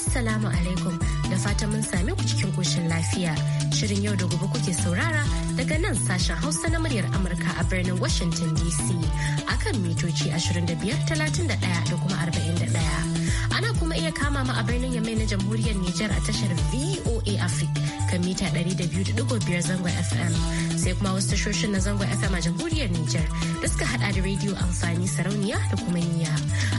Assalamu alaikum da fata mun sami ku cikin koshin lafiya. Shirin yau da gobe kuke saurara daga nan sashen Hausa na muryar Amurka a birnin Washington DC akan mitoci 25,31 da kuma 41. Ana kuma iya kama mu a birnin Yamai na Jamhuriyar Nijar a tashar VOA Africa. kan mita 200.5 zangon FM sai kuma wasu tashoshin na zangon FM a jamhuriyar Nijar da suka hada da rediyo amfani sarauniya da kuma niya.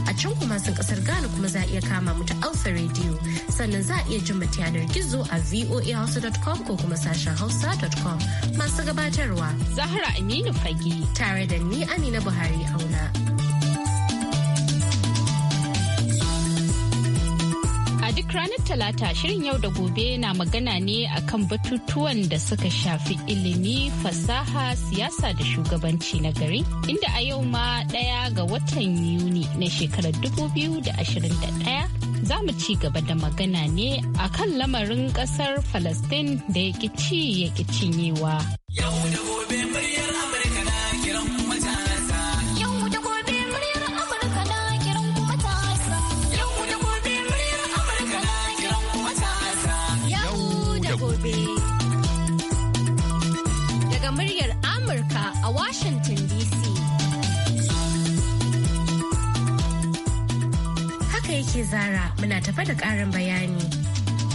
A can kuma sun kasar Ghana kuma za a iya kama mu ta rediyo Radio sannan za a iya jin mata yanar gizo a voahausa.com ko kuma sashen hausa.com masu gabatarwa. Zahra Aminu Fage. Tare da ni Amina Buhari Auna. ranar talata shirin yau da gobe na magana ne akan batutuwan da suka shafi ilimi fasaha siyasa da shugabanci na gari inda a yau ma daya ga watan yuni na shekarar 2021 za mu ci gaba da magana ne akan lamarin kasar Falastin da ya ci ya cinyewa. Yau da gobe mai Zara muna tafa da ƙarin bayani.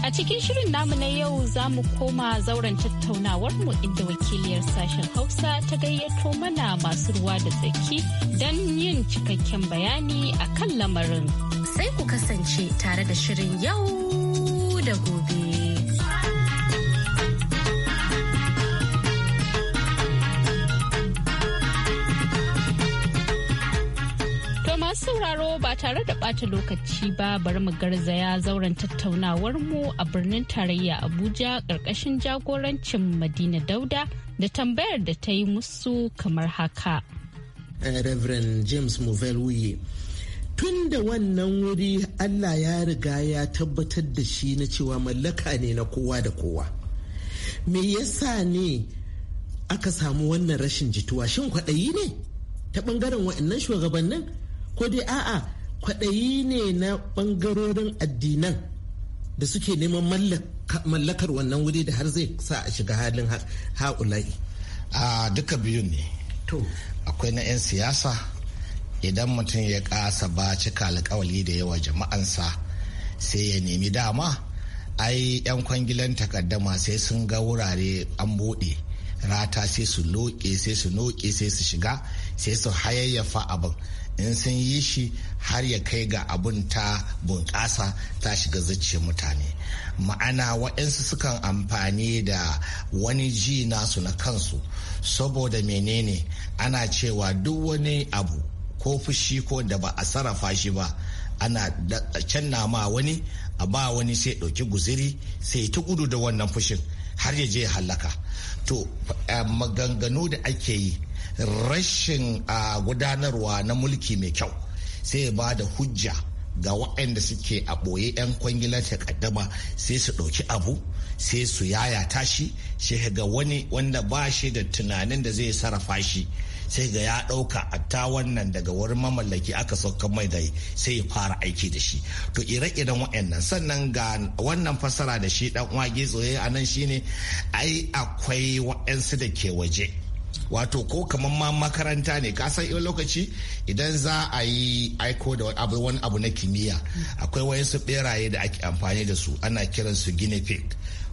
A cikin shirin namu na yau za mu koma zauren tattaunawar mu inda wakiliyar sashen Hausa ta gayyato mana masu ruwa da tsaki don yin cikakken bayani a kan lamarin. Sai ku kasance tare da shirin yau da gobe. sauraro ba tare da ɓata lokaci ba bari mu garzaya zauren tattaunawar mu a birnin tarayya Abuja ƙarƙashin jagorancin Madina Dauda da tambayar da ta yi musu kamar haka. Eh, Reverend James Muvelwiye. Tun da wannan wuri Allah ya riga ya tabbatar da shi na cewa mallaka ne na kowa da kowa. Me yasa ne aka samu wannan rashin jituwa shin kwaɗayi ne ta ɓangaren waɗannan shugabannin? ko dai a'a kwaɗayi ne na ɓangarorin addinan da suke neman mallakar wannan wuri da har zai sa a shiga halin ha'ula'i a duka biyu ne to akwai na 'yan siyasa idan mutum ya ƙasa ba cika alkawali da yawa jama'ansa sai ya nemi dama ai 'yan kwangilan takaddama sai sun ga wurare an buɗe rata sai su loƙe sai su noƙe sai su shiga sai su hayayyafa abin in sun yi shi har ya kai ga abun ta bunƙasa ta shiga zuciyar mutane ma'ana waɗansu sukan amfani da wani ji nasu na kansu saboda menene ana cewa duk wani abu ko fushi ko da ba a sarrafa shi ba ana na ma wani a ba wani sai ɗauki guziri sai ta gudu da wannan fushin har ya je hallaka to eh, maganganu da ake yi rashin a gudanarwa na mulki mai kyau sai ya ba da hujja ga waɗanda suke a ɓoye 'yan kwangilar takaddama sai su ɗauki abu sai su yaya tashi shi ga wani wanda ba shi da tunanin da zai sarrafa shi sai ga ya ɗauka a ta wannan daga wurin mamallaki aka sauka mai da sai ya fara aiki da shi to ire-iren wa'annan sannan ga wannan fasara da shi ɗan wage tsoye a nan shine ai akwai waɗansu da ke waje wato ko kamar ma makaranta ne kasan san lokaci idan za a yi aiko da wani abu na kimiyya akwai wayansu beraye da ake amfani da su ana kiransu guinea pig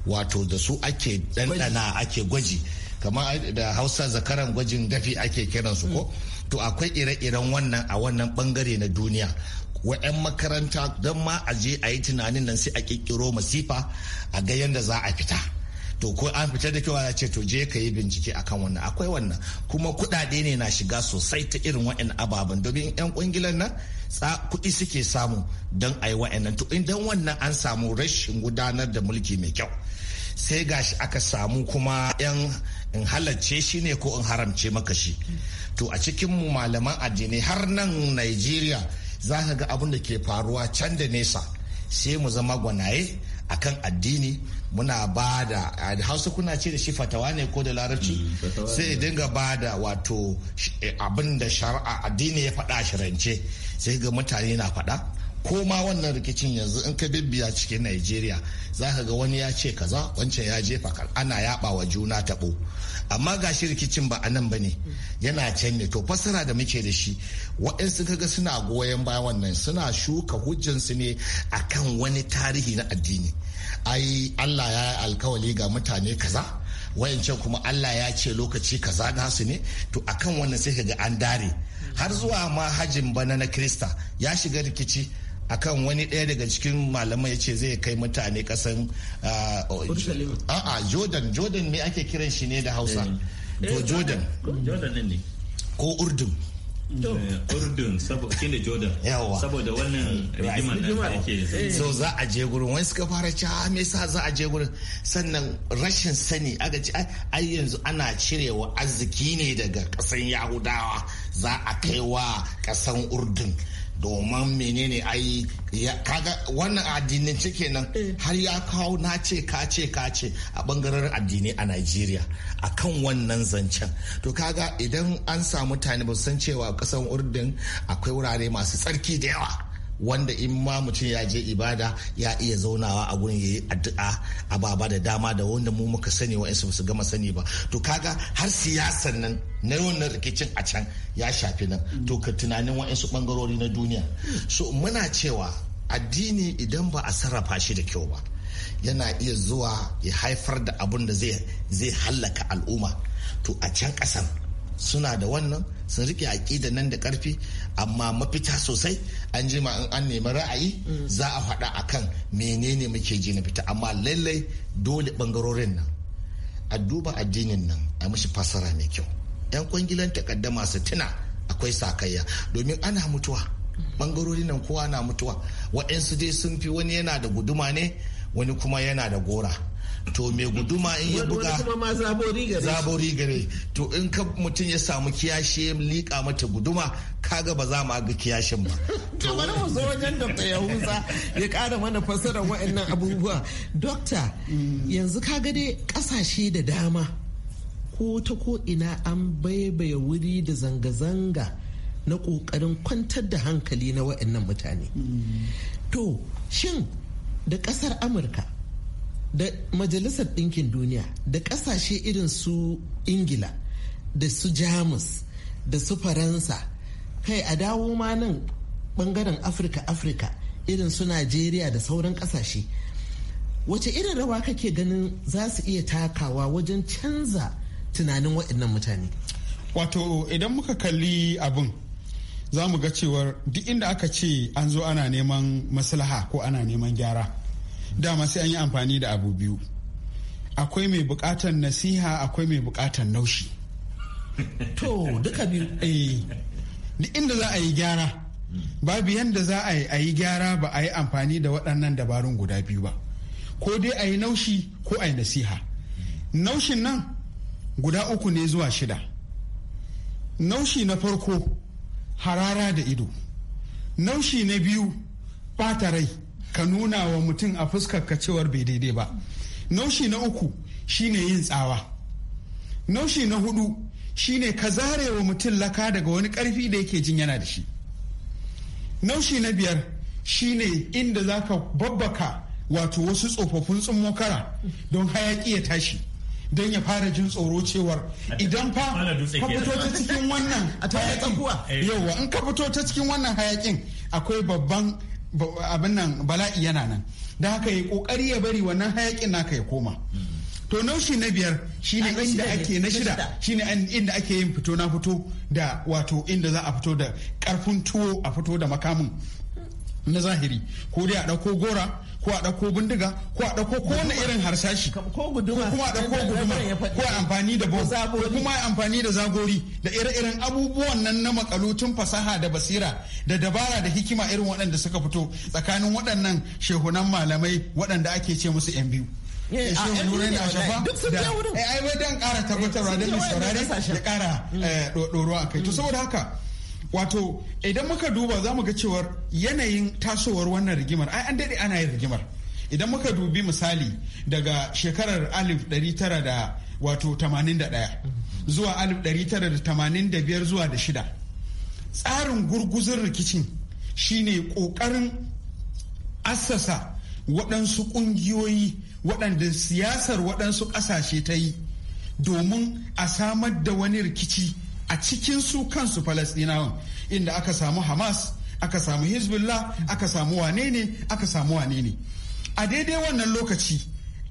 wato da su ake dandana ake gwaji kamar da hausa zakaran gwajin dafi ake kiransu ko to akwai ire-iren wannan a wannan bangare na duniya 'yan makaranta don ma a je a yi tunanin nan sai a kirkiro masifa a ga yadda za a fita to ko an fitar da kewa ce to je ka yi bincike akan wannan akwai wannan kuma kudade ne na shiga sosai ta irin wa'in ababen domin 'yan kungilan nan kuɗi suke samu don a yi nan to idan wannan an samu rashin gudanar da mulki mai kyau sai gashi aka samu kuma 'yan in halarce shi ne ko in haramce maka shi to a cikin mu malaman addinai har nan Nigeria za ga abin da ke faruwa can da nesa sai mu zama gwanaye akan addini muna ba da hausa kuna ce da shi fatawa ne ko da larabci mm, sai dinga ba da wato eh, abin da shari'a addini ya faɗa shirance sai ga mutane na faɗa ko ma wannan rikicin yanzu in ka bibiya cikin Najeriya za ka ga wani ya ce kaza wancan ya jefa ana yaba wa juna taɓo amma ga shi rikicin ba a nan ba ne yana can ne to fassara da muke da shi waɗansu kaga suna goyon bayan wannan suna shuka hujjansu ne akan wani tarihi na addini ai allah ya yi alkawali ga mutane kaza wayancan kuma allah ya ce lokaci kaza nasu ne to akan wannan sai ga an dare har zuwa ma hajin bana na krista ya shiga rikici akan wani ɗaya daga cikin malamai ya ce zai kai mutane kasan ah, a'a jordan jordan ne ake kiran shi ne da hausa eh. to eh, jordan jordan ne ko urdun eh, urdun shine jordan yawa saboda wannan rigiman da ake so za a je gurin wani suka fara ci ah, me sa za a je gurin sannan rashin sani aga ci ai yanzu ana cirewa arziki ne daga kasan yahudawa za a kai wa kasan urdun domin menene ai kaga wannan addinin kenan eh. har ya kawo na ce kace ce a bangaren addinai a Najeriya akan wannan zancen to kaga idan an samu mutane ba san cewa kasan Urdun akwai wurare masu tsarki da yawa wanda in ma mutum ya je ibada ya iya zaunawa a gurin yayi addu'a a baba da dama da wanda mu muka sani wa su gama sani ba to kaga har siyasan nan na wannan rikicin a can ya shafi nan mm. to ka tunanin wa'insu bangarori na duniya mm. so muna cewa addini idan ba a sarrafa shi da kyau ba yana iya zuwa ya haifar da abun da zai hallaka al'umma to a can kasan suna da wannan sun rike aƙida nan da ƙarfi amma mafita sosai an jima in an nemi ra'ayi mm. za a faɗa a kan menene muke ji na fita amma lallai dole ɓangarorin nan a duba addinin nan a mishi fasara mai kyau yan kwangilan takaddama masu tuna akwai sakayya domin ana mutuwa mm. ɓangarorin nan kowa na mutuwa waɗansu dai sun fi wani yana da guduma ne wani kuma yana da gora to mai guduma in ya buga zabori gare to in ka mutum ya samu kiyashe liƙa mata guduma kaga ba za mu ga kiyashin ba to wani mu zo wajen da Yahuza ya ƙara mana fasara waɗannan abubuwa dokta yanzu kaga dai kasashe da dama ko ta ko ina an baibaye wuri da zanga-zanga na ƙoƙarin kwantar da hankali na waɗannan mutane mm. to shin da ƙasar amurka da majalisar ɗinkin duniya da ƙasashe irin su ingila da su jamus da su faransa kai a dawo ma nan ɓangaren afirka afirka irin su najeriya da sauran ƙasashe wace irin rawa kake ganin za su iya takawa wajen canza tunanin waɗannan mutane wato idan muka kalli abin za mu ga cewar duk inda aka ce an zo ana neman maslaha ko ana neman gyara dama sai an yi amfani da abu biyu akwai mai bukatan nasiha akwai mai bukatan naushi to duka biyu eh inda za a yi gyara babu yadda za a yi gyara ba a yi amfani da waɗannan dabarun guda biyu ba ko dai a yi naushi ko a yi nasiha naushin nan guda uku ne zuwa shida naushi na farko harara da ido naushi na biyu ɓata rai ka nuna wa mutum a fuskar ka cewar bai daidai ba naushi na uku shine yin tsawa naushi na hudu shine ka zare wa mutum laka daga wani karfi da yake jin yana da shi naushi na biyar shine inda za ka babbaka wato wasu tsofaffin tsummokara don hayaki ya tashi don ya fara jin tsoro cewar idan fa ka fito ta cikin wannan hayakin yauwa in ka fito ta cikin wannan hayakin akwai babban abin nan bala'i yana nan da haka ya kokari ya bari wannan hayakin naka ya koma to naushi na biyar shine inda ake na shida shine inda ake yin fito na fito da wato inda za a fito da karfin tuwo a fito da makamin na zahiri ko dai a dauko gora ko a ɗauko bindiga ko a ɗauko ko wani irin harsashi ko kuma a ɗauko guduma ko a amfani da bom ko kuma a amfani da zagori da ire-iren abubuwan nan na makalutun fasaha da basira da dabara da hikima irin waɗanda suka fito tsakanin waɗannan shehunan malamai waɗanda ake ce musu 'yan biyu. Eh, eh, shehu nura na shafa da eh, ai dan ƙara tabbatarwa don mai saurare da ƙara mm. ɗorowa a kai to mm. saboda haka wato idan muka duba za mu ga cewar yanayin tasowar wannan rigimar ai an daɗe ana yin rigimar idan muka dubi misali daga shekarar 1981 zuwa 1985 zuwa da shida tsarin gurguzun rikicin shine ƙoƙarin assasa waɗansu ƙungiyoyi waɗanda siyasar waɗansu ƙasashe ta yi domin a samar da wani rikici a cikin su kansu falasɗinawan inda aka samu hamas aka samu hezbollah aka samu wane ne aka samu wane ne a daidai wannan lokaci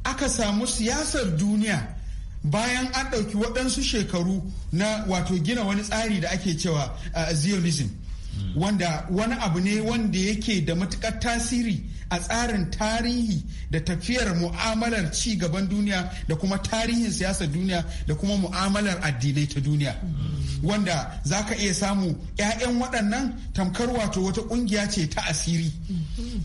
aka samu siyasar duniya bayan an ɗauki waɗansu shekaru na wato gina wani tsari da ake cewa uh, zionism hmm. wanda wani abu ne wanda yake da matuƙar tasiri a tsarin tarihi da tafiyar mu'amalar ci gaban duniya da kuma tarihin siyasar duniya da kuma mu'amalar addinai ta duniya wanda za ka iya samu 'ya'yan waɗannan tamkar wato wata ƙungiya ce ta asiri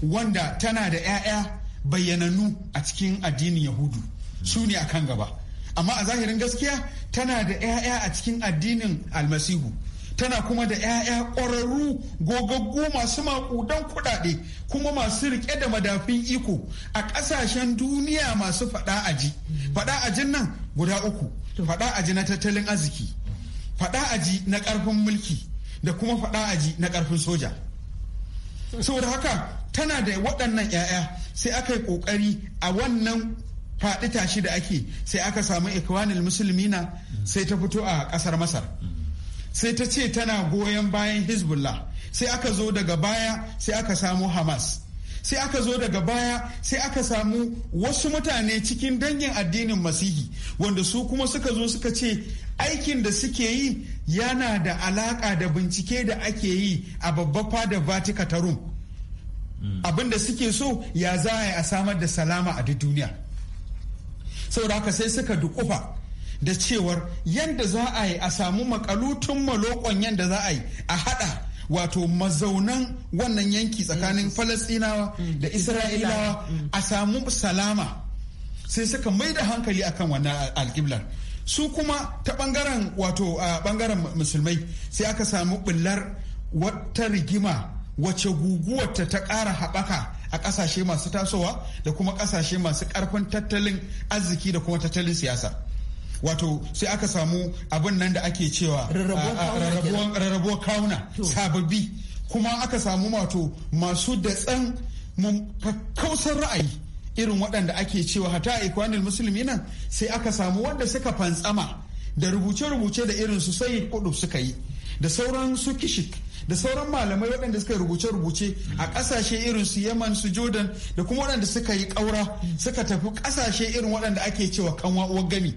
wanda tana da 'ya'ya bayyananu a cikin addinin yahudu su ne a kan gaba amma a zahirin gaskiya tana da 'ya'ya a cikin addinin almasihu tana kuma da 'ya'ya ƙwararru gogaggu masu maƙudan kuɗaɗe kuma masu riƙe da madafin iko a ƙasashen duniya masu faɗa aji faɗa ajin nan guda uku faɗa aji na tattalin arziki faɗa aji na ƙarfin mulki da kuma faɗa aji na ƙarfin soja saboda haka tana da waɗannan 'ya'ya sai aka yi ƙoƙari a wannan faɗi tashi da ake sai aka samu ikwanil na sai ta fito a ƙasar masar sai ta ce tana goyon bayan hezbollah sai aka zo daga baya sai aka samu hamas sai aka zo daga baya sai aka samu wasu mutane cikin dangin addinin masihi wanda su kuma suka zo suka ce aikin da suke yi yana da alaka da bincike da ake yi a babbar fadar vatican ta rum abin da suke so ya za a a samar da salama a duk duniya haka sai suka dukufa da cewar yadda za a yi a samu makalutun malokon yadda za a yi a hada wato mazaunan wannan yanki tsakanin falasinawa mm. da isra'ilawa mm. a samu salama sai suka mai da hankali akan wannan alkiblar su kuma ta bangaren wato bangaren musulmai sai aka samu bullar wata rigima wace guguwarta ta ƙara haɓaka a ƙasashe masu tasowa da kuma ƙasashe masu ƙarfin tattalin arziki da kuma tattalin siyasa wato sai aka samu abin nan da ake cewa rarrabuwar kawuna sababbi kuma aka samu wato masu da tsan kakkausar ra'ayi irin waɗanda ake cewa hata a ikwanin musulmi nan sai aka samu wanda suka fantsama da rubuce-rubuce da irin su sai kudu suka yi da sauran su kishik da sauran malamai waɗanda suka yi rubuce-rubuce a ƙasashe irin su yaman su jordan da kuma waɗanda suka yi ƙaura suka tafi ƙasashe irin waɗanda ake cewa kanwa uwar gami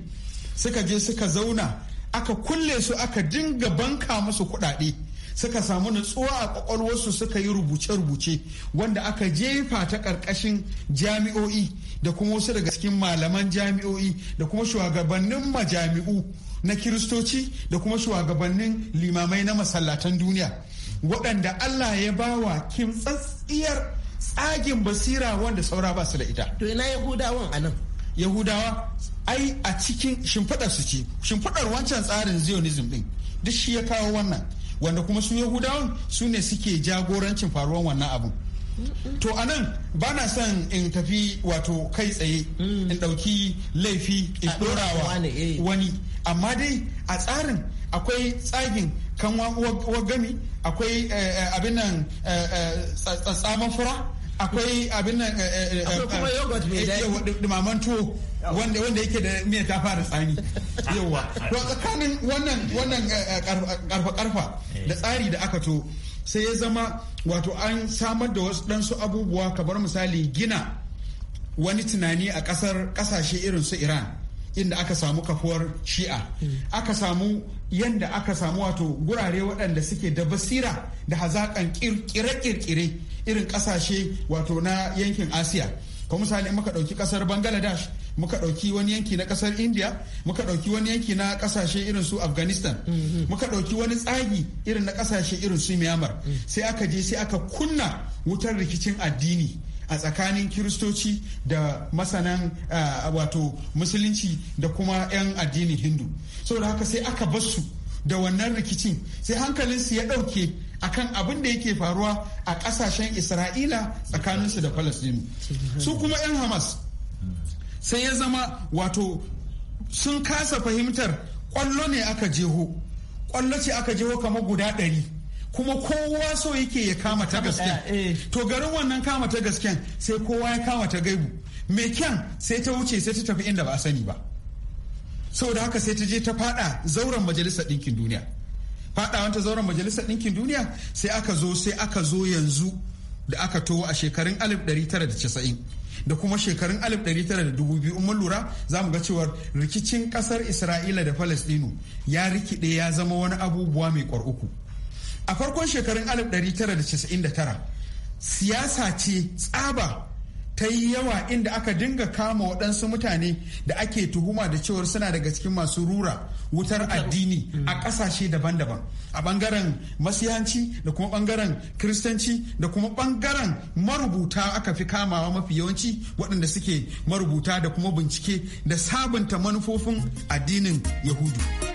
suka je suka zauna aka kulle su aka dinga banka musu kuɗaɗe suka samu nutsuwa a kwakwalwarsu suka yi rubuce-rubuce wanda aka jefa ta ƙarƙashin jami'o'i da kuma wasu daga cikin malaman jami'o'i da kuma shugabannin majami'u na kiristoci da kuma shugabannin limamai na masallatan duniya waɗanda allah ya bawa kimtsatsiyar tsagin basira wanda saura ba su da ita to ina yahudawan a nan yahudawa ai a cikin shimfiɗar su ce shimfiɗar wancan tsarin zionism din duk shi ya kawo wannan wanda kuma su yahudawan su ne suke jagorancin faruwan wannan abun to a nan ba na son in tafi wato kai tsaye mm. in ɗauki laifi in ɗorawa eh. wani amma dai a tsarin akwai tsagin kan wagami akwai eh, eh, abin nan tsatsaman fura akwai abin nan eh, eh, eh, kuma mai tuwo wanda yake da miya ta fara tsani yauwa to tsakanin wannan wannan karfa karfa da tsari da aka to sai ya zama wato an samar da wasu ɗansu abubuwa kamar misali gina wani tunani a ƙasar ƙasashe irin su iran inda aka samu kafuwar shi'a aka samu yanda aka samu wato gurare waɗanda suke da basira da hazaƙan kirkire-kirkire irin ƙasashe wato na yankin asiya Ka misali muka ɗauki ƙasar bangladesh muka ɗauki wani yanki na ƙasar india muka ɗauki wani yanki na ƙasashe irin su afghanistan mhm. muka ɗauki wani tsagi irin na ƙasashe irin su myanmar mhm. sai aka je sai aka kunna wutar rikicin addini a tsakanin kiristoci da masanan wato musulunci da kuma 'yan addinin hindu saboda haka sai aka basu da wannan rikicin sai hankalinsu ya ɗauke kan abin da yake faruwa a ƙasashen isra'ila tsakaninsu da palestinu su kuma 'yan hamas sai ya zama wato sun kasa fahimtar kwallo ne aka jeho kwallo ce aka jeho kamar guda ɗari kuma kowa so yake ya kama ta gasken eh. to garin wannan kama ta gasken sai kowa ya kama ta gaibu mai kyan sai ta wuce sai ta tafi inda ba a sani ba saboda haka sai ta je ta fada zauren majalisar ɗinkin duniya fadawanta zauren majalisar ɗinkin duniya sai aka zo sai aka zo yanzu da aka towo a shekarun 1990 da kuma shekarun 1902 mun lura za mu ga cewar rikicin kasar isra'ila da falastinu ya rikide ya zama wani abubuwa mai kwar uku a farkon shekarun 1999 siyasa ce tsaba ta yi yawa inda aka dinga kama waɗansu mutane da ake tuhuma da cewar suna daga cikin masu rura wutar addini mm. a ƙasashe daban-daban a ɓangaren masihanci da kuma ɓangaren kiristanci da kuma ɓangaren marubuta aka fi kamawa mafi yawanci waɗanda suke marubuta da kuma bincike da sabunta manufofin addinin yahudu.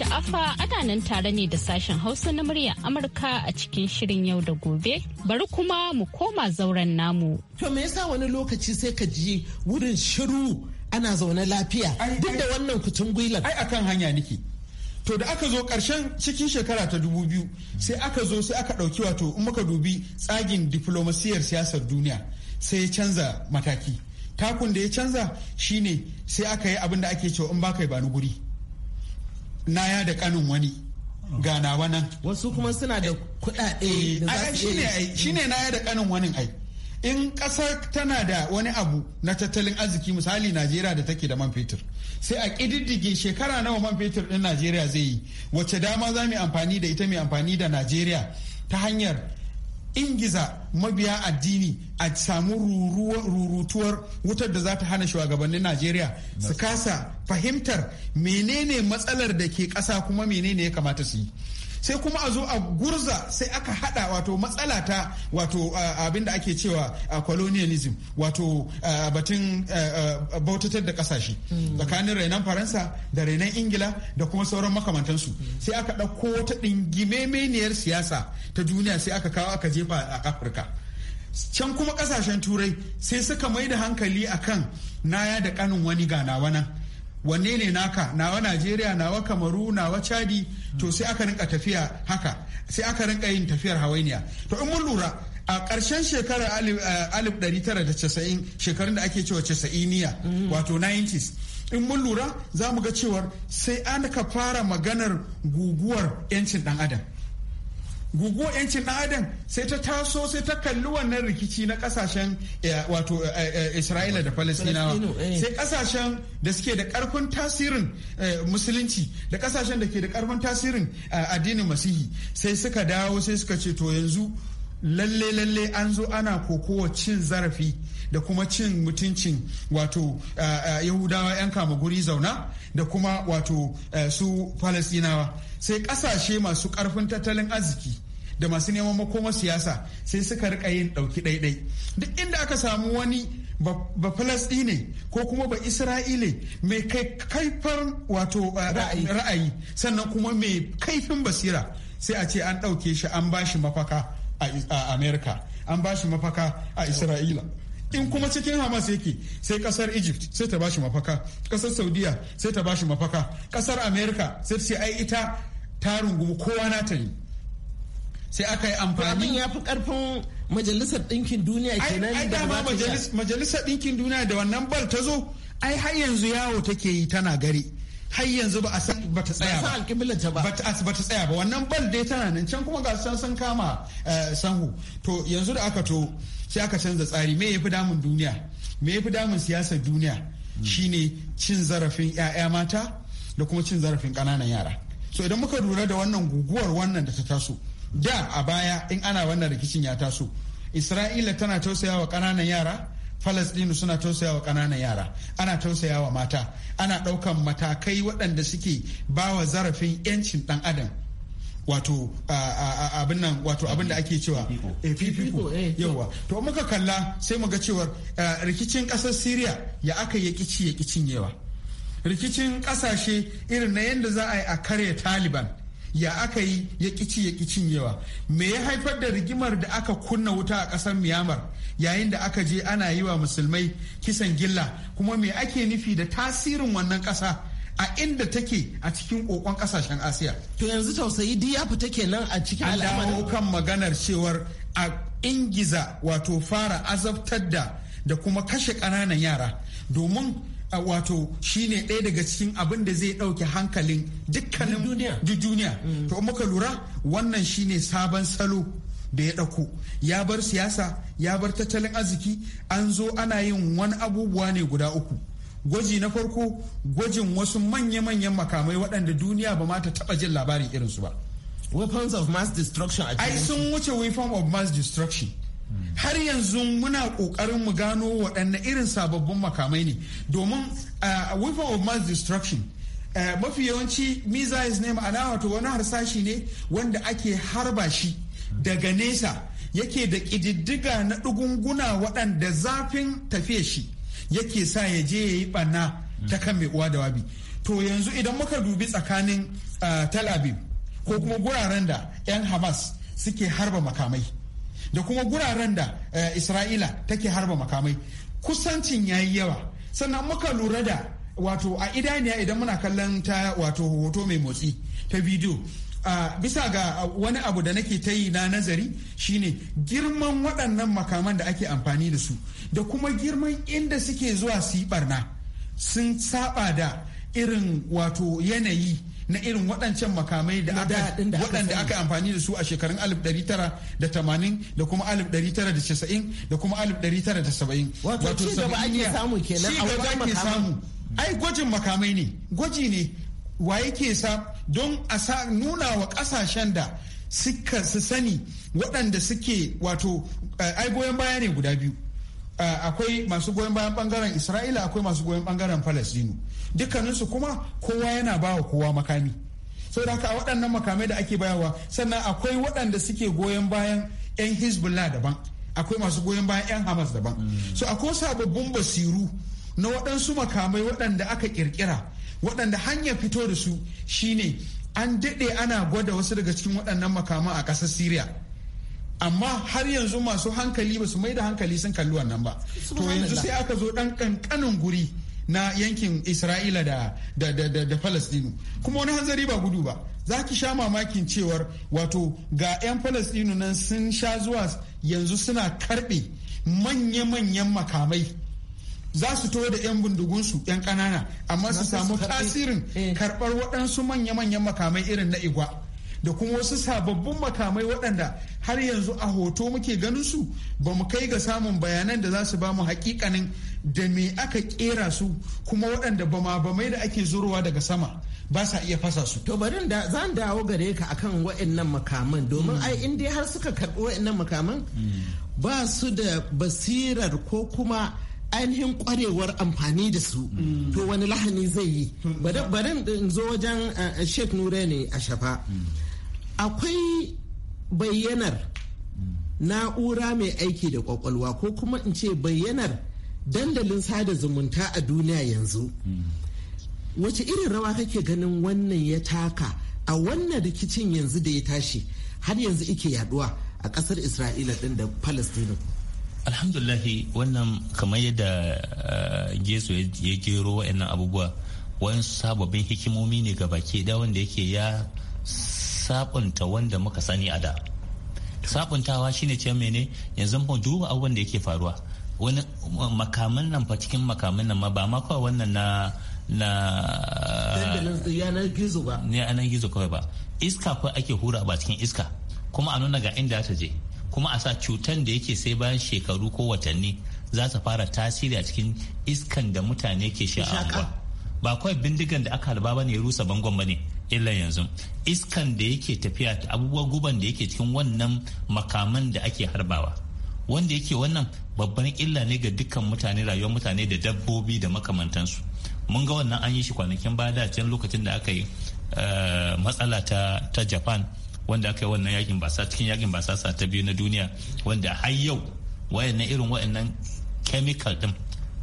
sha'afa ana nan tare ne da sashen hausa na murya amurka a cikin shirin yau da gobe bari kuma mu koma zauren namu to me yasa wani lokaci sai ka ji wurin shiru ana zaune lafiya duk da wannan kucin gwilar ai akan hanya niki to da aka zo karshen cikin shekara ta dubu biyu sai aka zo sai aka ɗauki wato in muka dubi tsagin diflomasiyar siyasar duniya sai ya canza mataki takun da ya canza shine sai aka yi abin da ake cewa in baka ba ni guri na ya da kanin wani ganawa nan wasu kuma suna da kuɗaɗe eh, ai shine na ya da kanin wani ai in ƙasar tana da wani abu na tattalin arziki misali najeriya da take da man fetur sai a ƙididdige shekara nawa man fetur ɗin najeriya zai yi wacce dama za mu amfani da ita mai amfani da najeriya ta hanyar ingiza mabiya addini a samu rurutuwar wutar da za ta hana shugabannin najeriya su kasa fahimtar menene matsalar da ke kasa kuma menene ya kamata su yi sai kuma a zo a gurza sai aka hada wato matsala ta wato abin da ake cewa colonialism wato batun bautatar da kasashe tsakanin rainan faransa da rainan ingila da kuma sauran makamantansu sai aka ɗauko wata ɗingimemeniyar siyasa ta duniya sai aka kawo aka jefa a afirka can kuma kasashen turai sai suka mai da hankali akan naya da kanin wani gana nan wanne ne naka nawa najeriya nawa kamaru nawa chadi to sai aka rinka tafiya haka sai aka rinka yin tafiyar hawainiya to in mun lura a ƙarshen shekarar 1990 eh, shekarun da ake cewa casa'iniya wato 90s in mun lura za mu ga cewar sai an ka fara maganar guguwar 'yancin dan adam gugu yancin ɗan adam sai ta taso sai ta kalli wannan rikici na kasashen eh, wato eh, eh, isra'ila da falastinawa sai kasashen da suke da karfin tasirin musulunci da kasashen da ke da karfin tasirin addinin masihi sai suka dawo sai suka ce to yanzu lalle lalle an zo ana kokowa cin zarafi da kuma cin mutuncin wato yahudawa 'yan kama guri zauna da kuma wato su falastinawa sai kasashe masu karfin tattalin arziki da masu neman makoma siyasa sai suka rika yin dauki daidai duk inda aka samu wani ba ne ko kuma ba isra'ile mai kaifar wato eh, ra'ayi sannan kuma mai kaifin basira sai a ce an ɗauke shi an bashi mafaka a america an bashi mafaka a isra'ila in kuma cikin hamas yake sai kasar egypt sai ta bashi mafaka kasar saudiya sai ta bashi mafaka kasar america sai ta ce ai ita ta rungumi kowa na ta yi sai aka yi amfani ya fi karfin majalisar ɗinkin duniya kenan ai dama majalisar ɗinkin duniya da wannan bal ta zo ai har yanzu yawo take yi tana gari har yanzu ba a san ba ta tsaya ba ba ta tsaya wannan bal dai tana nan can kuma ga san san kama eh, sanhu to yanzu da aka to sai aka canza tsari me yafi damun duniya me yafi damun siyasar duniya hmm. shine cin zarafin 'ya'ya mata da kuma cin zarafin ƙananan yara so idan muka lura da wannan guguwar wannan da ta taso da a baya in ana wannan rikicin ya taso isra'ila tana tausaya wa ƙananan yara falastinu suna tausaya wa kananan yara ana tausaya wa mata ana ɗaukan matakai waɗanda suke bawa zarafin 'yancin ɗan adam wato abin wato abin da ake cewa yawa eh, eh, to muka kalla sai muga ga cewar eh, rikicin ƙasar syria ya aka yaki ya cinyewa rikicin kasashe irin na yadda za a yi a karya taliban ya aka yi ya kici ya kicin yawa me ya haifar da rigimar da aka kunna wuta a ƙasar myanmar yayin da aka je ana yi wa musulmai kisan gilla kuma me ake nufi da tasirin wannan kasa a inda take a cikin kokon kasashen asiya to yanzu tausayi duk take fita a cikin al'amarin kan maganar cewar a ingiza wato fara azabtar da da kuma kashe ƙananan yara domin wato shine ɗaya daga cikin abin da zai ɗauke hankalin dukkanin duniya mm. to muka lura wannan shine sabon salo da ya ɗauko ya bar siyasa ya bar tattalin arziki an zo ana yin wani abubuwa ne guda uku gwaji na farko gwajin wasu manya-manyan makamai waɗanda duniya ba ma ta taɓa jin labarin irinsu ba weapons of mass destruction ai sun wuce weapon of mass destruction har yanzu muna kokarin mu gano waɗanne irin sababbin makamai ne domin a uh, weapon of mass destruction uh, mafi yawanci missiles ne ma'ana wato wani harsashi ne wanda ake harba shi daga nesa yake da ƙididdiga na ɗugunguna waɗanda zafin tafiya shi yake sa ya je ya yi ɓanna ta kan mai uwa da wabi to yanzu idan muka dubi tsakanin uh, tel ko kuma guraren da 'yan hamas suke harba makamai da kuma guraren da eh, isra'ila take harba makamai kusancin ya yi yawa sannan muka lura da wato a idaniya idan muna kallon ta wato hoto mai motsi ta bidiyo bisa ga wani abu da nake ta yi na nazari shine girman waɗannan makaman da ake amfani da su da kuma girman inda suke zuwa su yi barna sun saba da irin wato yanayi na irin waɗancan makamai da aka waɗanda aka amfani da su a shekarun 1980 da kuma 1990 da kuma 1970 wato ci gaba ake samu kenan a wajen samu ai gwajin makamai ne gwaji ne wa yake sa don a nuna wa ƙasashen da suka su sani waɗanda suke wato eh, ai goyon baya ne guda biyu Eh, akwai masu goyon bayan bangaren isra'ila akwai masu goyon bangaren palestinu dukkaninsu kuma kowa yana bawa kowa makami sau da haka a waɗannan makamai da ake bayarwa sannan akwai waɗanda suke goyon bayan 'yan hezbollah daban akwai masu goyon bayan 'yan hamas daban mm. so akwai sababbin basiru na waɗansu makamai waɗanda aka ƙirƙira waɗanda hanyar fito da su shine an daɗe ana gwada wasu daga cikin waɗannan makamai a ƙasar syria amma har yanzu masu hankali ba su mai da hankali sun kalli wannan ba to yanzu sai aka zo dan kankanin guri na yankin isra'ila da da da da, da palestinu kuma wani hanzari ba gudu ba za ki sha mamakin cewar wato ga 'yan palestinu nan sun sha zuwa yanzu suna karbe manya-manyan makamai za su to da 'yan bindigunsu 'yan ƙanana amma su samu tasirin eh. karɓar waɗansu manya-manyan makamai irin na igwa da kuma wasu sababbin makamai waɗanda har yanzu a hoto muke ganin su ba mu kai ga samun bayanan da za su ba mu hakikanin da me aka kera su kuma waɗanda ba mai da ake zurowa daga sama ba sa iya fasa su. To bari da zan dawo gare ka akan waɗannan makaman domin hmm. ai in dai har suka karɓi waɗannan makaman hmm. ba su da basirar ko kuma ainihin kwarewar amfani da su hmm. to wani lahani zai yi bari in zo wajen eh, sheikh nure ne a shafa. akwai bayyanar na'ura mai aiki da kwakwalwa ko kuma in ce bayyanar dandalin sada zumunta a duniya yanzu wace irin rawa kake ganin wannan ya taka a wannan rikicin yanzu da ya tashi har yanzu ike yaduwa a kasar isra'ila din da palestina alhamdulahi wannan kamar yadda Jesu eh, ya gero wa'annan abubuwa wani sababbin hikimomi ne ga baki da wanda yake ya sabunta wanda muka sani a da sabuntawa shine ce mene yanzu mu duba abubuwan da yake faruwa wani makaman nan fa cikin makaman nan ma ba ma kawai wannan na na yanar gizo ba yanar gizo kawai ba iska kawai ake hura ba cikin iska kuma a nuna ga inda ta je kuma a sa cutan da yake sai bayan shekaru ko watanni za ta fara tasiri a cikin iskan da mutane ke sha'awa ba kawai bindigan da aka halba bane ya rusa bangon bane illan yanzu iskan da yake tafiya abubuwan guban da yake cikin wannan makaman da ake harbawa wanda yake wannan babban illa ne ga dukkan mutane rayuwar mutane da dabbobi da makamantansu mun ga wannan an yi shi kwanakin baya da can lokacin da aka yi eh, matsala ta japan wanda aka yi wannan yakin basa cikin yakin sa ta biyu na duniya wanda har yau wayannan irin wayannan chemical din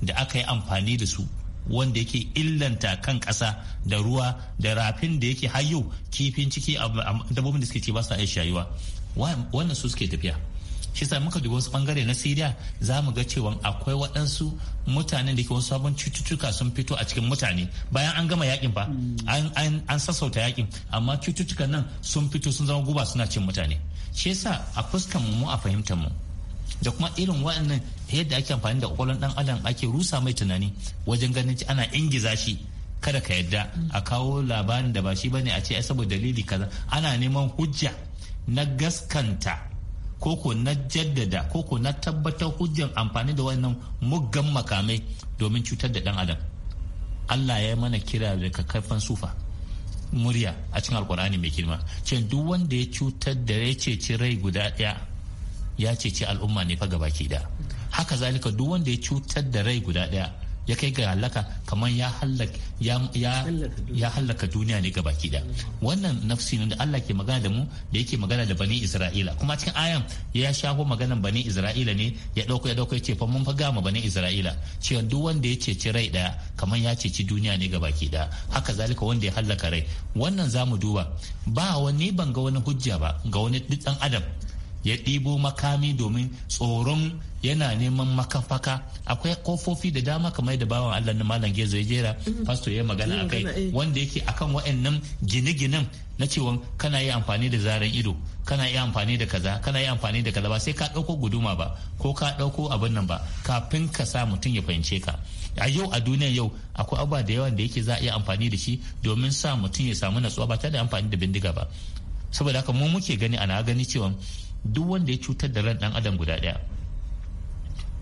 da aka yi amfani da su wanda yake illanta kan ƙasa da ruwa da rafin da yake hayo kifin ciki dabbobin da suke ci ba sa iya shayuwa wannan su suke tafiya shi sa muka dubi wasu bangare na siriya za mu ga cewa akwai waɗansu mutanen da ke wasu sabon cututtuka sun fito a cikin mutane bayan an gama yakin ba mm. an sassauta yakin amma cututtukan nan sun fito sun zama guba suna cin mutane shi yasa a fuskan mu a fahimtar mu da kuma irin waɗannan yadda ake amfani da kwakwalwar dan adam ake rusa mai tunani wajen ganin ci ana ingiza shi kada ka yadda a kawo labarin da ba shi bane a ce ai saboda dalili kaza ana neman hujja na gaskanta ko ko na jaddada ko ko na tabbatar hujjan amfani da wannan muggan makamai domin cutar da dan adam Allah ya mana kira da kakkarfan sufa murya a cikin alkur'ani mai girma cin duk wanda ya cutar da ya ceci rai guda ɗaya ya ceci al'umma ne fa gabaki da haka zalika duk wanda ya cutar da rai guda daya ya kai ga halaka kamar ya hallaka duniya ne gabaki da wannan nafsi ne da Allah ke magana da mu da yake magana da bani Isra'ila kuma cikin ayan ya shaho maganan bani Isra'ila ne ya dauko ya dauko ya ce fa mun fa gama bani Isra'ila cewa duk wanda ya ceci rai daya kamar ya ceci duniya ne gabaki da haka zalika wanda ya hallaka rai wannan zamu duba ba wani ban ga wani hujja ba ga wani duk dan adam ya ɗibo makami domin tsoron yana neman makafaka akwai kofofi da dama kamar da bawan Allah na Malam Gezo ya jera mhm. pastor ya magana akai eh. wanda yake akan wa'annan gine-ginen na cewa kana yi amfani da zaren ido kana yi amfani da kaza kana yi amfani da kaza ba sai ka ɗauko guduma ba ko ka ɗauko abin nan ba kafin ka sa mutum ya fahimce ka a yau a duniya yau akwai abubuwa da yawan da yake za a iya amfani da shi domin sa mutum ya samu natsuwa ba tare da amfani da bindiga ba saboda haka mu muke gani ana gani cewa duk wanda ya cutar da ran dan adam guda daya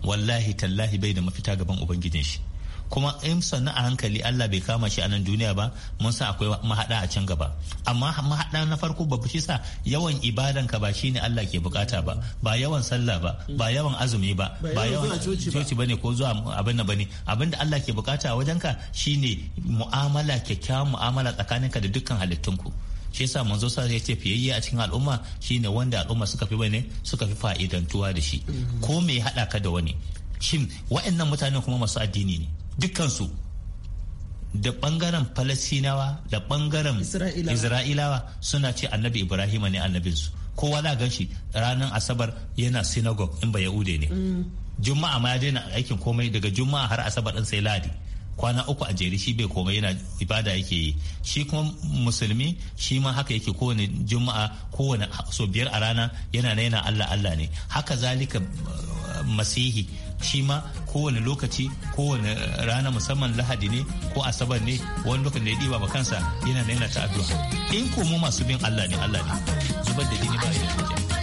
wallahi tallahi bai da mafita gaban ubangijin shi kuma in sannu a hankali Allah bai kama shi a nan duniya ba mun san akwai mahada a can gaba amma mahada na farko ba shi sa yawan ibadan ka ba shine Allah ke bukata ba ba yawan sallah ba ba yawan azumi ba ba yawan coci bane ko zuwa abin bane abinda da Allah ke bukata a wajen ka shine mu'amala kyakkyawan mu'amala tsakaninka da dukkan halittunku shi yasa manzo sa ya ce fiyayye a cikin al'umma shine wanda al'umma suka fi bane suka fi fa'idantuwa da shi ko me hada ka da wani shin wa'annan mutanen kuma masu addini ne dukkansu da bangaren falasinawa da bangaren isra'ilawa suna ce annabi ibrahima ne annabinsu kowa za gan shi ranar asabar yana synagogue in ba yahude ne mm. juma'a ma ya daina aikin komai daga juma'a har asabar din sai ladi kwana uku a jere shi bai komai yana ibada yake yi shi kuma musulmi shi ma haka yake kowane juma'a kowane so biyar a rana yana na yana allah allah ne haka zalika uh, masihi shi ma kowane lokaci kowane rana musamman lahadi ne ko asabar ne wani lokacin da ya ɗiba ba kansa yana na yana ta addu'a in komo masu bin allah ne allah ne zubar da jini ba ya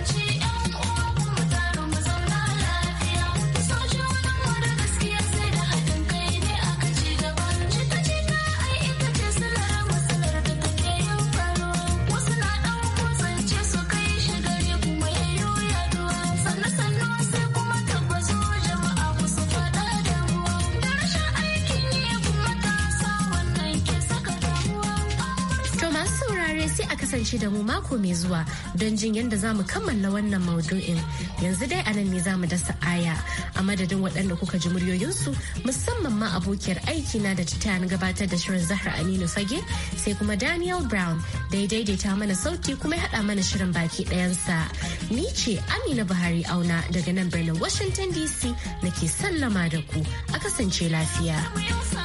kasance da mu mako mai zuwa don jin yadda za mu kammala wannan maudu'in. Yanzu dai anan ne za mu dasa aya a madadin waɗanda kuka ji muryoyinsu musamman ma abokiyar aiki na da ta gabatar da shirin Zahra Aminu Fage sai kuma Daniel Brown da ya daidaita mana sauti kuma ya haɗa mana shirin baki ɗayansa. Ni ce Amina Buhari Auna daga nan birnin Washington DC na ke sallama da ku a kasance lafiya.